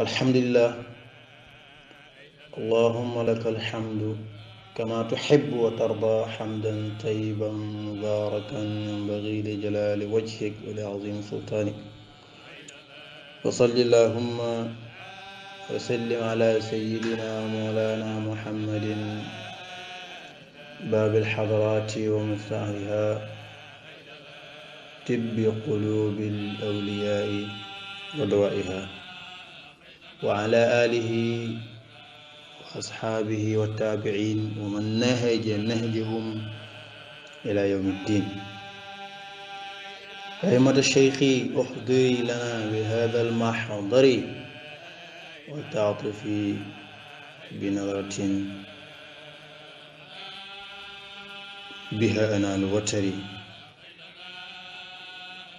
الحمد لله اللهم لك الحمد كما تحب وترضى حمدا طيبا مباركا ينبغي لجلال وجهك ولعظيم سلطانك وصل اللهم وسلم على سيدنا مولانا محمد باب الحضرات ومفتاحها طب قلوب الأولياء ودوائها وعلى آله وأصحابه والتابعين ومن نهج نهجهم إلى يوم الدين أئمة الشيخ احضري لنا بهذا المحضر وتعطفي بنظرة بها أنا الوتري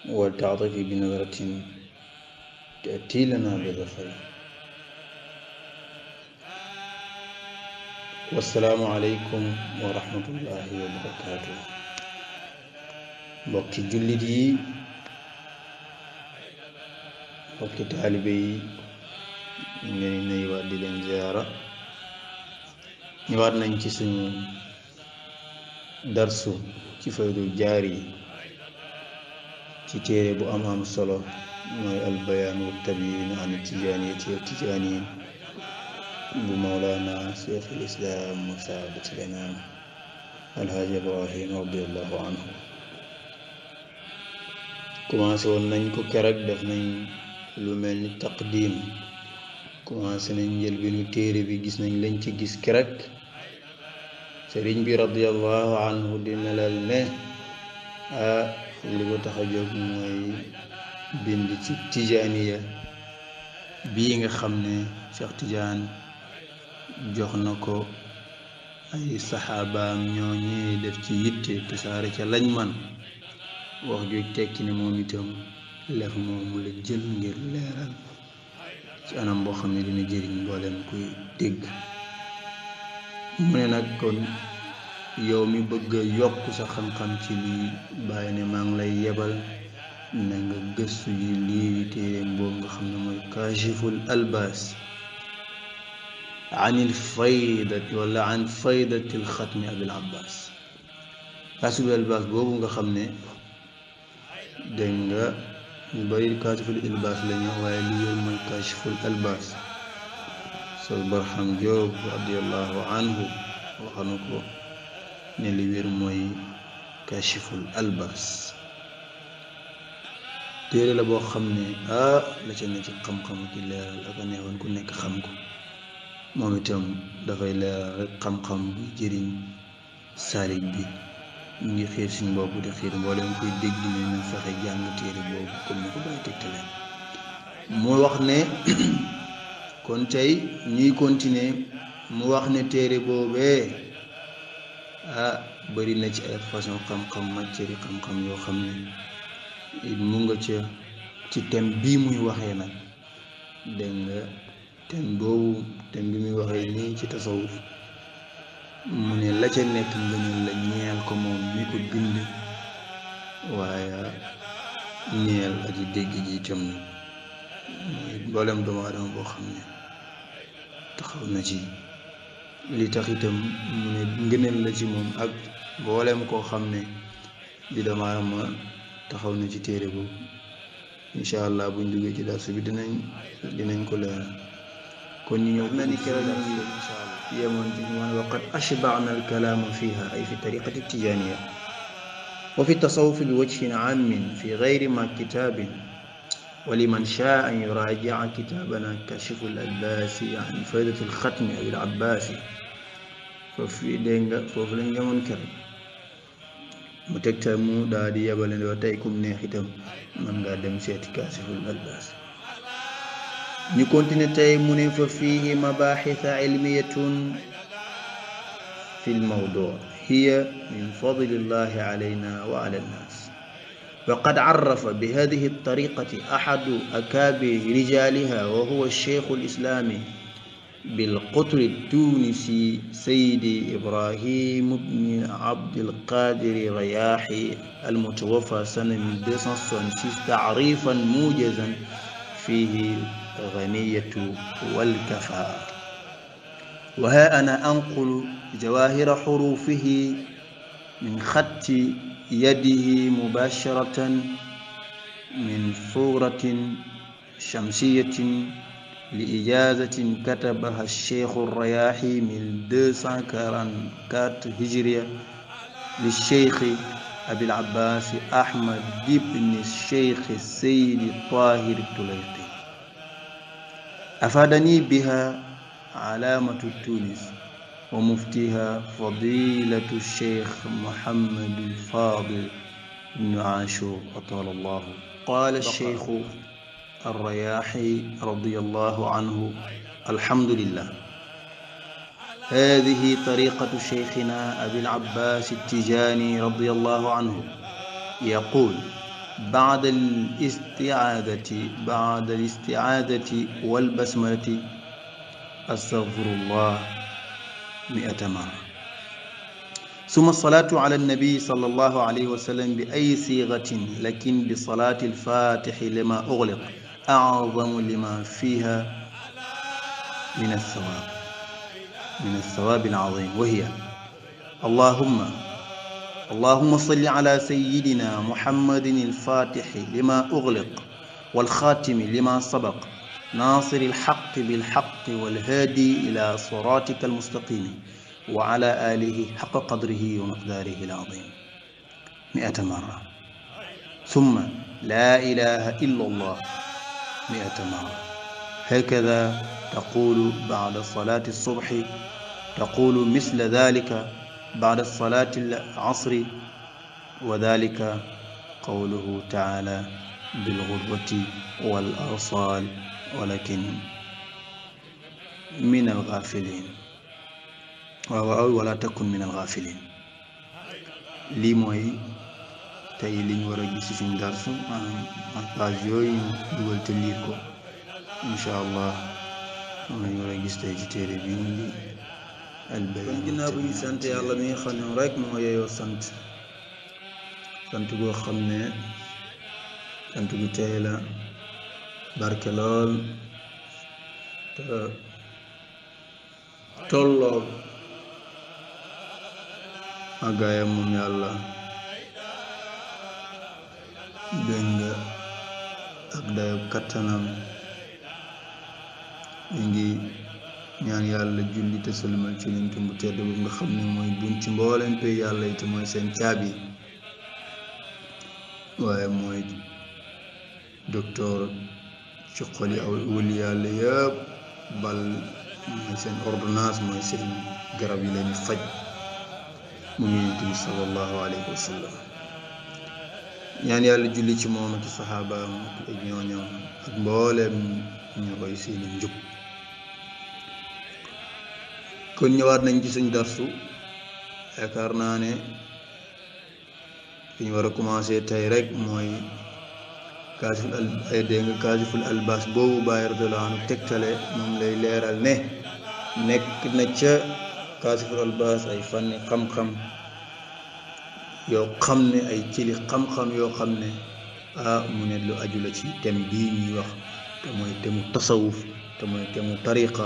وتعطفي بنظرة تأتي لنا بظفري والسلام عليكم ورحمة الله وبركاته بقت جلدي بقت طالبي من نيوان دي زيارة نيوان نانتي سن درسو كي فايدو جاري كي بو امام البيان والتبيين عن التجانية والتجانين بمولانا شيخ الإسلام مثابت الإمام الحاج إبراهيم رضي الله عنه كما سوون نانكو كرك داف نان التقديم كما سن نجل بي نو تيري بي غيس نان لنج سي غيس كرك سيرين بي رضي الله عنه دي نلال نه ا لي تاخا جوك موي بيند سي تيجانيه بيغا خامني شيخ jox na ko ay saxaabaam ñoo ñee def ci yitte tasaare ca lañ man wax juy tekki ne moom itam lef moomu la jël ngir leeral ci anam boo xam ne dina jëriñ mbooleem kuy dégg mu nag kon yow mi bëgg yokk sa xam-xam ci lii bàyyi ne maa ngi lay yebal na nga gëstu ji lii téeréem boobu nga xam ne mooy kaashiful albaas عن الفايدة ولا عن فايدة الختم أبي العباس كاتب الباس بوبونغا خمني دنجا مباري كاتب الباس لن يهوي اليوم من كاشف الباس سيد برحم جوب رضي الله عنه وخنكو نلي موي كاشف الباس تيري لبو بو خمني اه لا كم كم خم خم كي ليرال اكو moom itam dafay leeral rek xam-xam bu jëriñ saalig bi ñu ngi xiir suñ bopp di xiir mbooleem koy dégg ne téere boobu ko bàyyi tegtale mu wax ne kon tey ñuy continuer mu wax ne téere boobee ah bëri na ci ay façon xam-xam matière xam-xam yoo xam ne mu nga ca ci thème bii muy waxee nag dégg thème boobu thème bi muy waxee nii ci tasawuf mu ne la ca nekk ngëneel la ñeel ko moom mi ko bind waaye ñeel aji dégg ji itam mooy mboolem doomu boo xam na ci li tax itam mu ne ngëneel la ci moom ak mboolem koo xam ne di doomu aadama taxaw na ci téere boobu incha allah buñ duggee ci darsu bi dinañ dinañ ko leeral كوني من كلام ان شاء الله وقد اشبعنا الكلام فيها اي في الطريقه التجانيه وفي التصوف بوجه عام في غير ما كتاب ولمن شاء ان يراجع كتابنا كشف الالباسي يعني فائده الختم او العباس ففي دينغ ففلن يمن كلام متكتمو دادي يبلن وتايكم نيختم من قدم سيتكاسف الالباسي ñu continuer tey مباحث علمية في الموضوع هي من فضل الله علينا وعلى الناس وقد عرف بهذه الطريقة أحد أكابر رجالها وهو الشيخ الإسلامي بالقطر التونسي سيدي إبراهيم بن عبد القادر رياحي المتوفى سنة 1966 تعريفا موجزا فيه الغنية والكفاء وها أنا أنقل جواهر حروفه من خط يده مباشرة من صورة شمسية لإجازة كتبها الشيخ الرياحي من 244 هجرية للشيخ أبي العباس أحمد بن الشيخ السيد الطاهر الطليقي أفادني بها علامة تونس ومفتيها فضيلة الشيخ محمد الفاضل بن عاشور أطال الله قال الشيخ الرياحي رضي الله عنه الحمد لله هذه طريقة شيخنا أبي العباس التجاني رضي الله عنه يقول بعد الاستعاذة بعد الاستعاذة والبسملة أستغفر الله مئة مرة ثم الصلاة على النبي صلى الله عليه وسلم بأي صيغة لكن بصلاة الفاتح لما أغلق أعظم لما فيها من الثواب من الثواب العظيم وهي اللهم اللهم صل على سيدنا محمد الفاتح لما أغلق والخاتم لما سبق ناصر الحق بالحق والهادي إلى صراطك المستقيم وعلى آله حق قدره ومقداره العظيم مئة مرة ثم لا إله إلا الله مئة مرة هكذا تقول بعد صلاة الصبح تقول مثل ذلك بعد الصلاة العصر وذلك قوله تعالى بالغربة والأرصال ولكن من الغافلين ولا تكن من الغافلين لموي موي تاي لي نورا جيسي سين دارس ان باج يوي تليكو ان شاء الله نورا جيس تاي تيري بي kon ginnaaw bu ñu sant yàlla mi nga xam ne rek moo yeyoo sant sant goo xam ne sant gu tey la barke lool te tolloo ya màggaayam moom yàlla ya dégg ak dayob ya kattanam mi ngi ñaan yàlla julli te sëlmal ci yonent tumb tedd bu nga xam ne mooy buñ ci mbooleen pay yàlla yi te mooy seen caabi waaye mooy docteur ci xol yi aw wëli yàlla yëpp bal mooy seen ordonnance mooy seen garab yi leen faj mu ngi yonent bi sallallahu alayhi wa sallam ñaan yàlla julli ci moom ak saxaabaam ak ñooñoom ak mbooleem ñu koy seeni njub kon ñëwaat nañ ci suñ darsu yaakaar naa ne fi ñu war a commencé tey rek mooy kaasiful al ay dégg nga kaasiful albas boobu Baay radiyallaahu anhu tegtale moom lay leeral ne nekk na ca kaasiful albas ay fànni xam yoo xam ne ay cili xam-xam yoo xam ne ah mu ne lu aju la ci tem bii ñuy wax te mooy temu tasawuf te mooy temu tariqa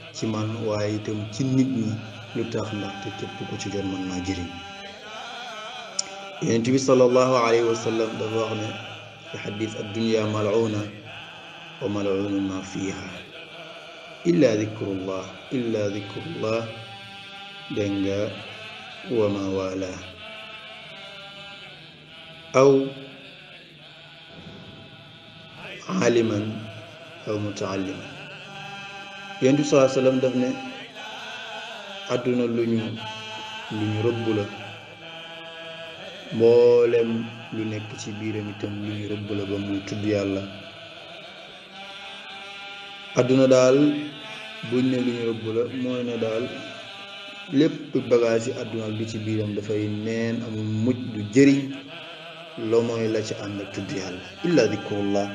ci man waye itam ci nit ñi lu tax te kep ku ci jor man na jëri yeen tibi sallallahu alayhi wa sallam da wax ne fi hadith ad dunya maluna wa mal'un ma fiha illa dhikrullah illa dhikrullah denga wa ma wala aw aliman aw mutaalliman yonent bi sallallahu alayhi wasallam daf ne àdduna lu ñu lu ñu rëbb la mboolem lu nekk ci biiram itam lu ñu rëbb la ba muy tudd yàlla àdduna daal buñ ne lu ñu rëbb la mooy ne daal lépp bagage yi àdduna bi ci biiram dafay neen amul mujj du jëriñ loo mooy la ci ànd ak tudd yàlla illa dikrullah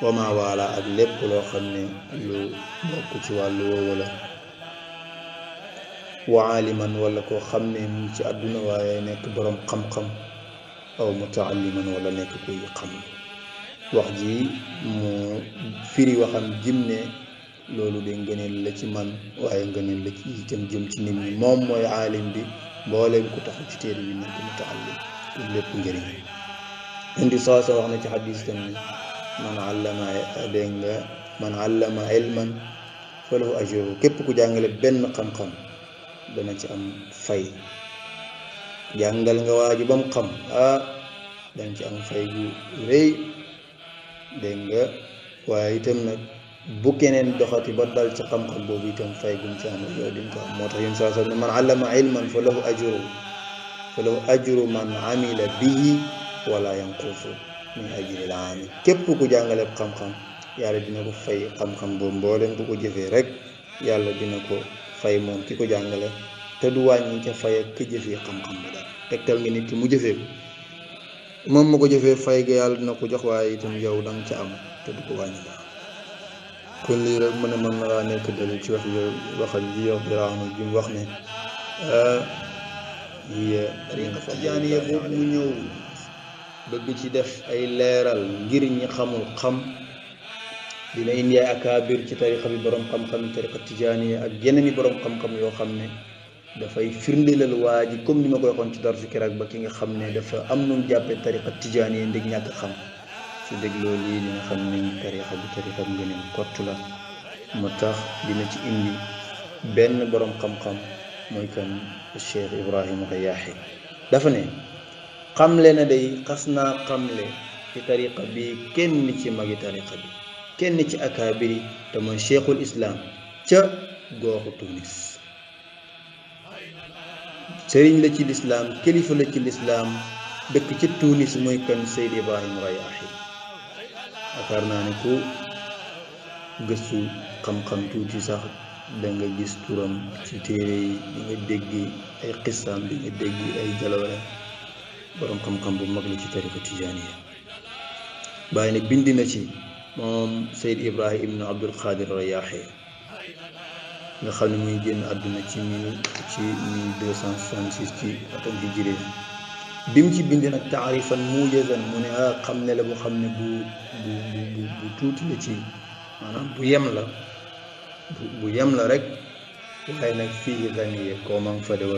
wama waala ak lépp loo xam ne lu bokk ci wàllu woowu la wa aaliman wala koo xam ne mu ci àdduna waaye nekk boroom xam-xam aw mutaalliman wala nekk kuy xam wax ji mu firi waxam jim ne loolu de ngëneel la ci man waaye ngëneel la jëm ci nit ñi moom mooy aalim bi mbooleem ku taxu ci téere bi nekk mutaallim pour lépp njëriñ indi soosa wax na ci xadis tam ni man allama dégg nga man allama ilman falahu ajruhu képp ku jàngale benn xam-xam dana ci am fay jàngal nga waaju ba mu xam ah dana ci am fay bu rëy dégg nga waaye itam nag bu keneen doxati ba dal ci xam-xam boobu itam fay gum ci am yow din ko am moo tax yun saa sax ne man allama ilman fa lahu ajru fa lahu ajru man amila bihi wala yanqusu min ajri laa aami képp ku jàngale xam-xam yàlla dina ko fay xam-xam boobu mboolem bu ko jëfee rek yàlla dina ko fay moom ki ko jàngale te du wàññi ca fay ak ka jëfee xam-xam ki mu jëfee moom ma ko jëfee fay yàlla dina ko jox waaye itam yow da nga am te du ko wàññi dara kon lii rek mu ne mën na laa nekk dalil ci wax yooyu waxal ji yow Birame ji mu wax ne. yéen dañu ko mu ñëw. bëgg ci def ay leeral ngir ñi xamul xam dina indi ay akaabir ci tarixa bi boroom xam-xam yi tarixa yi ak yeneen i boroom xam-xam yoo xam ne dafay firndelal waa ji comme ni ma koy waxoon ci darsu keroog ba ki nga xam ne dafa am nu mu jàppee tarixa yi ndég ñàkk xam su dégloo lii li nga xam ne tarixa bi tarixa bi ngeen kott la mu tax dina ci indi benn boroom xam-xam mooy kan Cheikh Ibrahima Riyaahi dafa ne xamle na day xas naa xamle ci tariqa bi kenn ci magi tariqa bi kenn ci akaabiri te mooy cheikhul islaam ca gooxu tunis sëriñ la ci lislaam kilifa la ci lislaam dëkk ca tunis mooy kan seyd ibrahim rayaaxi yaakaar naa ne ku gëstu xam-xam tuuti sax da gis turam ci téere yi di nga dégg ay xisaam di dégg ay jaloore borom xam-xam bu mag la ci tariqa tijaaniya bàyyi ne bind na ci moom Seyd Ibrahim ibnu Abdul Qadir Rayaaxi nga xam ne muy génn àdduna ci mille ci mille deux cent soixante six ci atom bi jirée bi mu ci bind nag taarifan mujazan mu ne ah xam ne la bu xam ne bu bu tuuti la ci maanaam bu yem la bu yem la rek waaye nag fii daniye koo mang fa dewa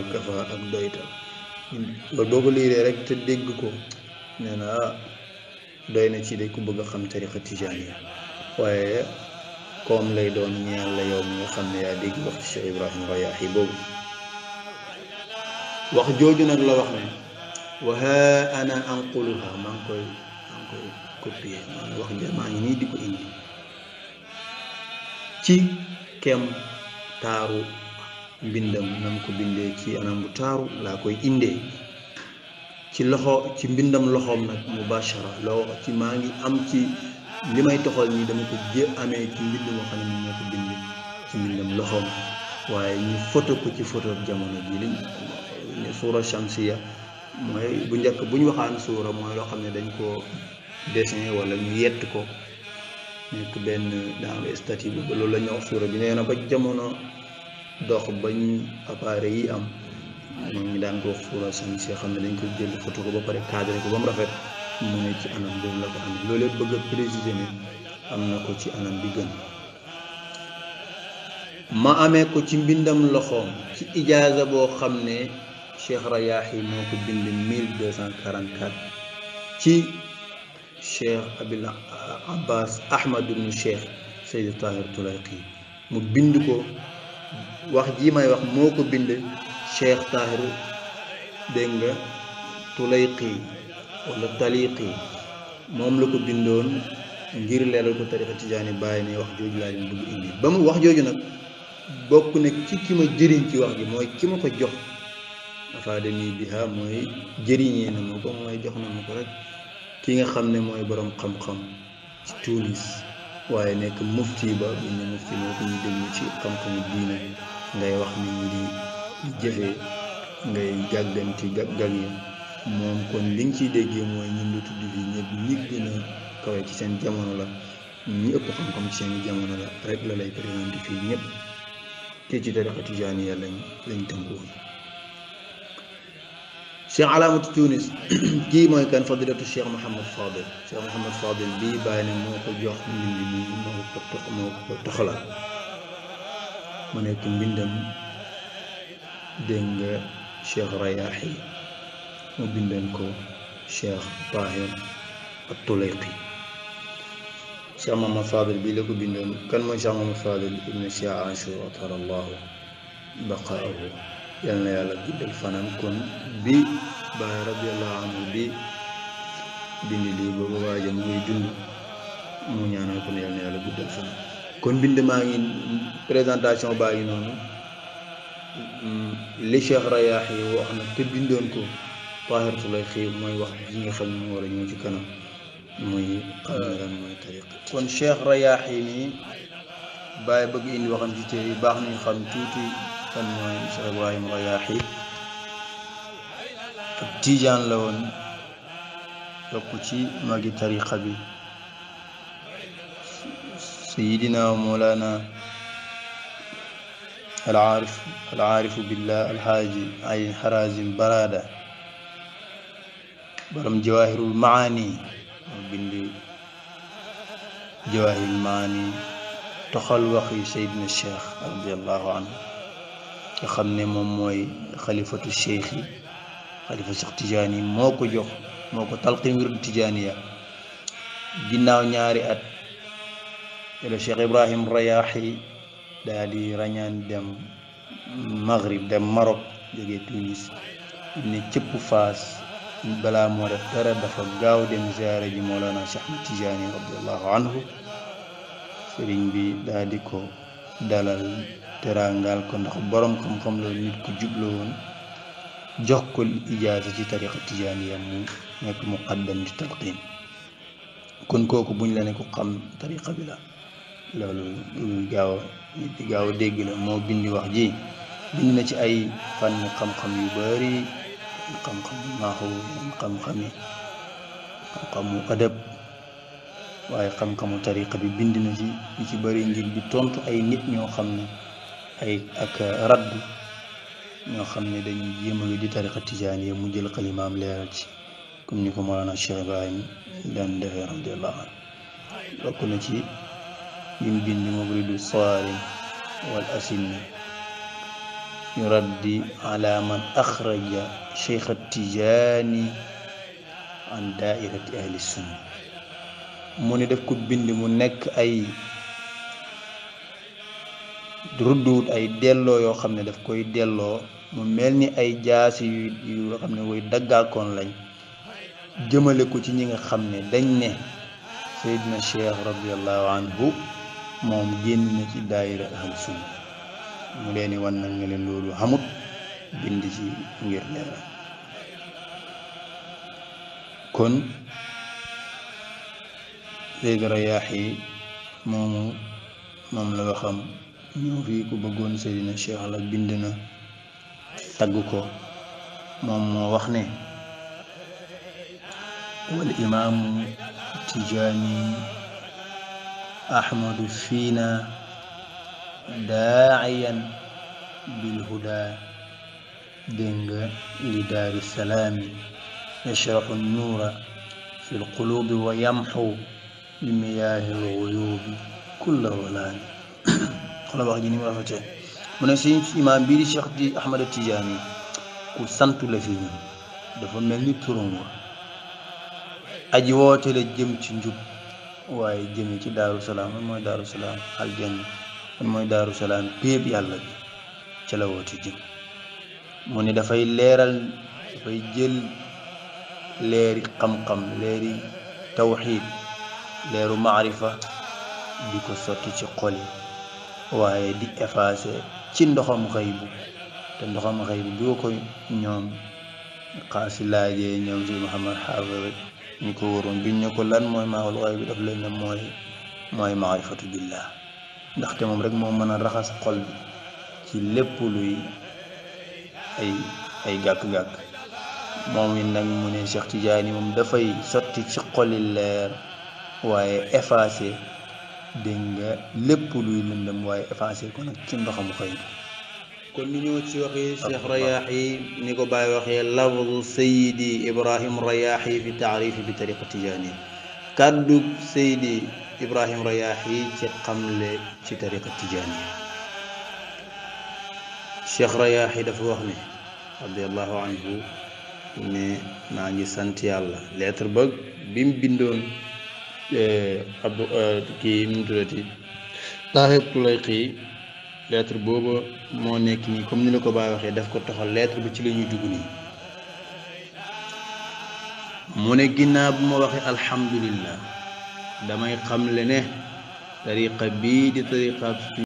ak doytal ba boo ko rek te dégg ko nee doyna ci day ko bëgg xam tariqa tijani waaye kom lay doon ñaan la yow mi xam ne ya dégg wax ci Cheikh Ibrahima Rayaahi bob wax joju nak la wax ne wa ha ana anqulha man ngi koy maa koy copier maa wax ja maa ngi nii di ko indi ci kem taru mbindam nam ko bindee ci anam bu taaru laa koy indee ci loxo ci mbindam loxoom nag mubashara loo ci maa ngi am ci li may toxal nii dama ko jë amee ci mbind moo xam ne moo waaye ñu photo ko jamono bii liñ suura shamsiya mooy bu njëkk bu ñu waxaan suura mooy loo xam ne dañ ko dessin wala ñu yett ko nekk benn daa am statut bi loolu la ñu suura bi nee na ba jamono dox bañ appareil yi am moom ñu daan ko xula sam si xam ne dañ ko jël photo ko ba pare cadré ko ba mu rafet mu ne ci anam boobu la ko amee loolu yëpp bëgg ne am na ko ci anam bi gën ma amee ko ci mbindam loxoom ci ijaaza boo xam ne cheikh rayaahi moo ko bind ci cheikh abil abbas ahmad ibnu cheikh sayid tahir tulayqi mu bind ko wax ji may wax moo ko bind Cheikh Tahiru dégg nga tulayqi wala taliqi moom la ko bindoon ngir leeral ko tarixa tijaani bàyyi ne wax jooju laa leen bëgg indi ba mu wax jooju nag bokk nag ci ki ma jëriñ ci wax ji mooy ki ma ko jox afaadani biha mooy jëriñee na ma ko mooy jox na ma ko rek ki nga xam ne mooy boroom xam-xam ci Tunis waaye nekk mufti ba bu ñu mufti moo ko ñu déglu ci xam-xamu diine ngay wax nit ñi di jëfee ngay jàgganti gag gag yi moom kon liñ ciy déggee mooy ñu lu tudd fii ñëpp ñi gën a kawe ci seen jamono la ñi ëpp xam-xam ci seen jamono la rek la lay présenté fii ñëpp te ci tarixa tijaani yàlla lañ lañ tënkuwoon شيخ علامة تونس كي ما كان فضيلة الشيخ محمد فاضل الشيخ محمد فاضل بي باين موكو جوخ من اللي موكو تخ موكو تخلا من يكون بندم دنجا شيخ رياحي وبندنكو شيخ طاهر الطليقي شيخ محمد فاضل بي لكو بندم كان من شيخ محمد فاضل ابن الشيخ عاشور أطهر الله بقاؤه yal na yàlla guddal fanam kon bi baay radiallahu anhu bi bind lii booba waaja mu dund mu ñaanal kon yal na yàlla guddal fanam kon bind maa ngi présentation baa ngi noonu mm, li Cheikh Rayaax yi wax na te bindoon ko Taahiratu xiir mooy wax ji nga xam ne war a ñëw ci kanam muy xam ne mooy tariqa kon Cheikh Rayaax yi nii bàyyi bëgg indi waxam ci téere yi baax nañu xam tuuti كان موي شيخ ابراهيم رياحي تيجان سيدنا مولانا العارف العارف بالله الحاج اي حراز براده برم جواهر المعاني بند جواهر المعاني تخل وخي سيدنا الشيخ رضي الله عنه nga xam ne moom mooy xalifatu cheikh yi xalifa cheikh tijaani yi moo ko jox moo ko talqin wirdu tijaaniya ginnaaw ñaari at la cheikh ibrahim rayaaxi daal rañaan dem maghrib dem marok jógee tunis ne cëpp faas balaa moo def dara dafa gaaw dem ziyaare ji moolana cheikh tijaani radiallahu anhu sëriñ bi ko dalal teraangal ko ndax borom xam-xam la nit ku jubla woon jox ko ijaasa ci tariqa tijaaniya mu nekk muqaddam di talqin kooku buñ la ne ku xam la loolu dégg la moo bindi wax ji bind na ci ay fànn yu bari xam-xamu naaxu xam adab waaye xam-xamu tariqa bi bind na ci yu ci bari ngir di tontu ay nit ñoo xam ne ay ak radd ñoo xam ne dañ jéem a di tariqa tijaaniya mu jël xalimaam leeral ci comme ni ko Mawlana Cheikh Ibrahim daan defee radiallahu anhu bokk na ci yim bind mawridu saari wal asinna yuraddi ala man axraja cheikh tijaani an daairati ahli sunna mu ne def ko bind mu nekk ay rudduwut ay delloo yoo xam ne daf koy delloo mu mel ni ay jaasi yu yoo xam ne woy daggaakoon lañ jëmale ko ci ñi nga xam ne dañ ne Seydina Cheikh radiallahu anhu moom génn na ci daayira ahlu sunna mu leen wan nag nga leen loolu xamut bind ci ngir leeral kon Zayd Rayaahi moomu moom la waxam ñoo fi ku bëggoon Seydina Cheikh Alla bind na tagg ko moom moo wax ne wal imaamu tijaani ahmadu fiina daaciyan bilhuda dénga li daari salaami yashraxu nuura fi lquluubi wa yamxu limiyaahi lguyuubi kulla walaami xoolal wax ji ni mu ne suñu imaam bii di Cheikh di Ahmada Tijaani ku santu la fii nii dafa mel ni turam wa aji woote la jëm ci njub waaye jëme ci daaru salaam man mooy daaru salaam aljanna mooy daaru salaam yàlla bi ca la woote jëm mu ne dafay leeral dafay jël leeri xam-xam leeri tawxiid leeru maarifa di ko sotti ci xol yi waaye di effacer ci ndoxam xëybu te ndoxam xëybu bi ko ñoom xaasi laajee ñoom si Muhammad Xaafis ñu ko waroon biñ ne ko lan mooy maawul xëy daf leen ne mooy mooy maarifatu billah ndaxte moom rek moom mën a raxas xol ci lépp luy ay ay gàkk-gàkk moom it nag mu ne Cheikh Tidiane moom dafay sotti ci xoli leer waaye effacer. dégg nga lépp luy lëndëm waaye effacé ko nag ci ndoxam xëy kon ñu ñëw ci waxi cheikh rayaaxi ni ko bàyyi waxee lafdu sayidi ibrahim rayaaxi fi taarifi bi tariqa tijaani kàddu sayidi ibrahim rayaaxi ci xamle ci tariqa tijaani cheikh rayaaxi dafa wax ne radiallahu anhu ne maa ngi sant yàlla bëgg bi mu bindoon Eh, abu eh, kii nu mu tuddati Taahir Tulayqi lettre booba moo nekk nii comme ni la ko Baay waxee daf ko toxal lettre bi ci lañuy ñuy dugg nii mu ne ginnaaw bu ma waxee alhamdulillah damay xamle ne tariqa bii di tariqa